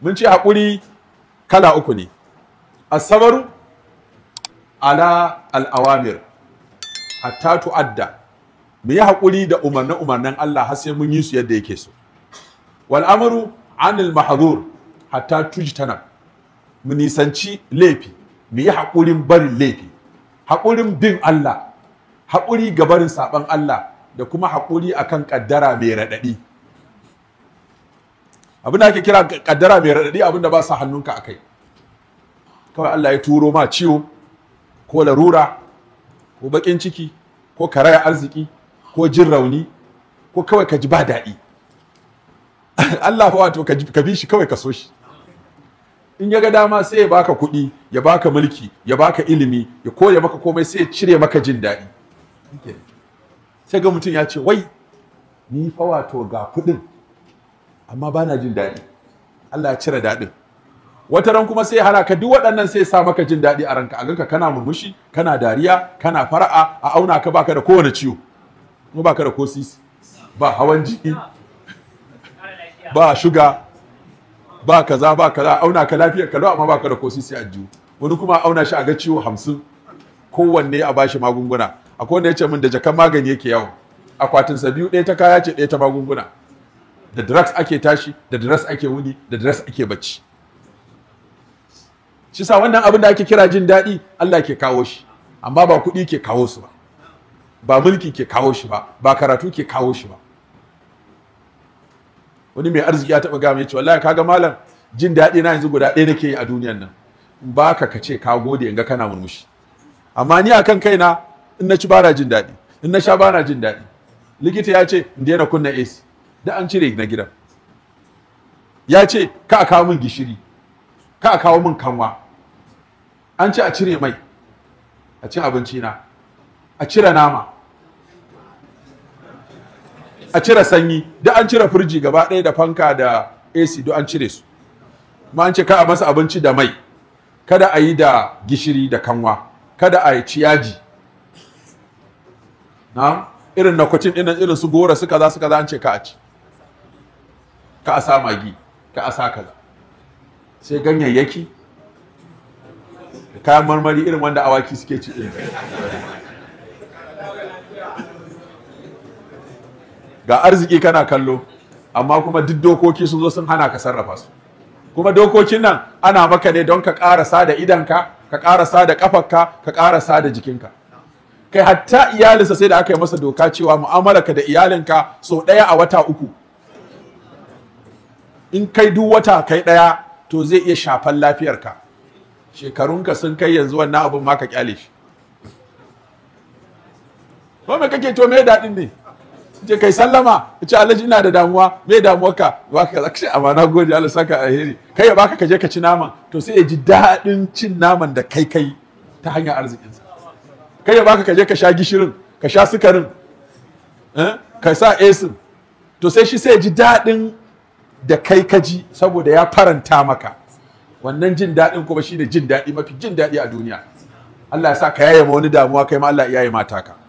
mun ce haƙuri kala uku ne asabaru ala al'awamir hatta adda mu yi haƙuri da umarni umarnin Allah har sai mun yi su yadda yake so wal amru anil mahdhur hatta jitana mu nisanci laifi mu yi haƙurin barin laifi haƙurin bin Allah haƙuri ga barin sabon Allah da kuma haƙuri akan ƙaddara mai raɗaɗi abin da ake kira kaddara mai raɗaɗi abin da ba sa hannunka a kai kawai Allah ya turo ma ciwo ko larura ko baƙin ciki ko karaya arziki ko jin rauni ko kawai ka ji ba daɗi Allah fa wato ka bi shi kawai ka so shi in ya ga dama sai ya baka kuɗi ya baka mulki ya baka ilimi ya koya maka komai sai ya cire maka jin daɗi sai ga mutum ya ce wai ni fa wato ga kuɗin amma ba na jin daɗi Allah ya cire daɗin wata ran kuma sai hana ka duk waɗannan sai sa maka jin daɗi a ranka a ganka kana murmushi kana dariya kana fara'a a auna ka baka da kowane ciwo kuma baka da kosis ba hawan jini ba shuga ba kaza ba kaza auna ka lafiyar ka amma baka da kosis a jiwo wani kuma auna shi a ga ciwo hamsin kowanne a bashi magunguna akwai wanda ya ce min da jakan magani yake yawo akwatin sa biyu ɗaya ta kaya ce ɗaya ta magunguna da drugs ake tashi da drugs ake wuni da drugs ake bacci shi sa wannan abin da ake kira jin daɗi Allah ke kawo shi amma ba kuɗi ke kawo su ba ba mulki ke kawo shi ba ba karatu ke kawo shi ba wani mai arziki ya taɓa gama ya ce wallahi kaga malam jin daɗi na yanzu guda ɗaya nake yi a duniyan nan ba ka kace ka gode in ga kana murmushi amma ni akan kaina in na ci bana jin daɗi in na sha bana jin daɗi likita ya ce in daina kunna AC da an cire na gidan ya ce ka a kawo min gishiri ka a kawo min kanwa an ce a cire mai a cin abinci na a cire nama a cire sanyi da an cire firji gaba ɗaya da fanka da ac duk an cire su ma an ce ka a masa abinci da mai kada a yi da gishiri da kanwa kada a yi ciyaji na irin na kwacin irin su gora su kaza su kaza an ce ka a ci ka a sa magi ka a kaza sai ganyayyaki da kayan marmari irin wanda awaki suke ci ga arziki kana kallo amma kuma duk dokoki sun zo sun hana ka sarrafa su kuma dokokin nan ana maka ne don ka ƙara da idanka ka karasa da ƙafarka ka karasa da jikinka kai hatta iyalinsa sai da aka yi masa doka cewa mu'amalarka da iyalinka sau ɗaya a wata uku in kai duk wata kai ɗaya to zai iya shafan lafiyarka shekarunka sun kai yanzu wannan abun ma ka kyale shi ko me kake to me daɗin ne je kai sallama ce alhaji ina da damuwa me damuwar ka ka zaka ce amana gode Allah saka alheri kai ya baka kaje ka ci naman to sai ya ji daɗin cin naman da kai kai ta hanyar arzikin sa kai ya baka kaje ka sha gishirin ka sha sukarin eh, ka sa esin to sai shi sai ya ji daɗin da kai ka ji saboda ya faranta maka wannan jin daɗin kuma shi ne jin daɗi mafi jin daɗi a duniya Allah ya sa ka yaye wani damuwa kai ma Allah ya yaye mata ka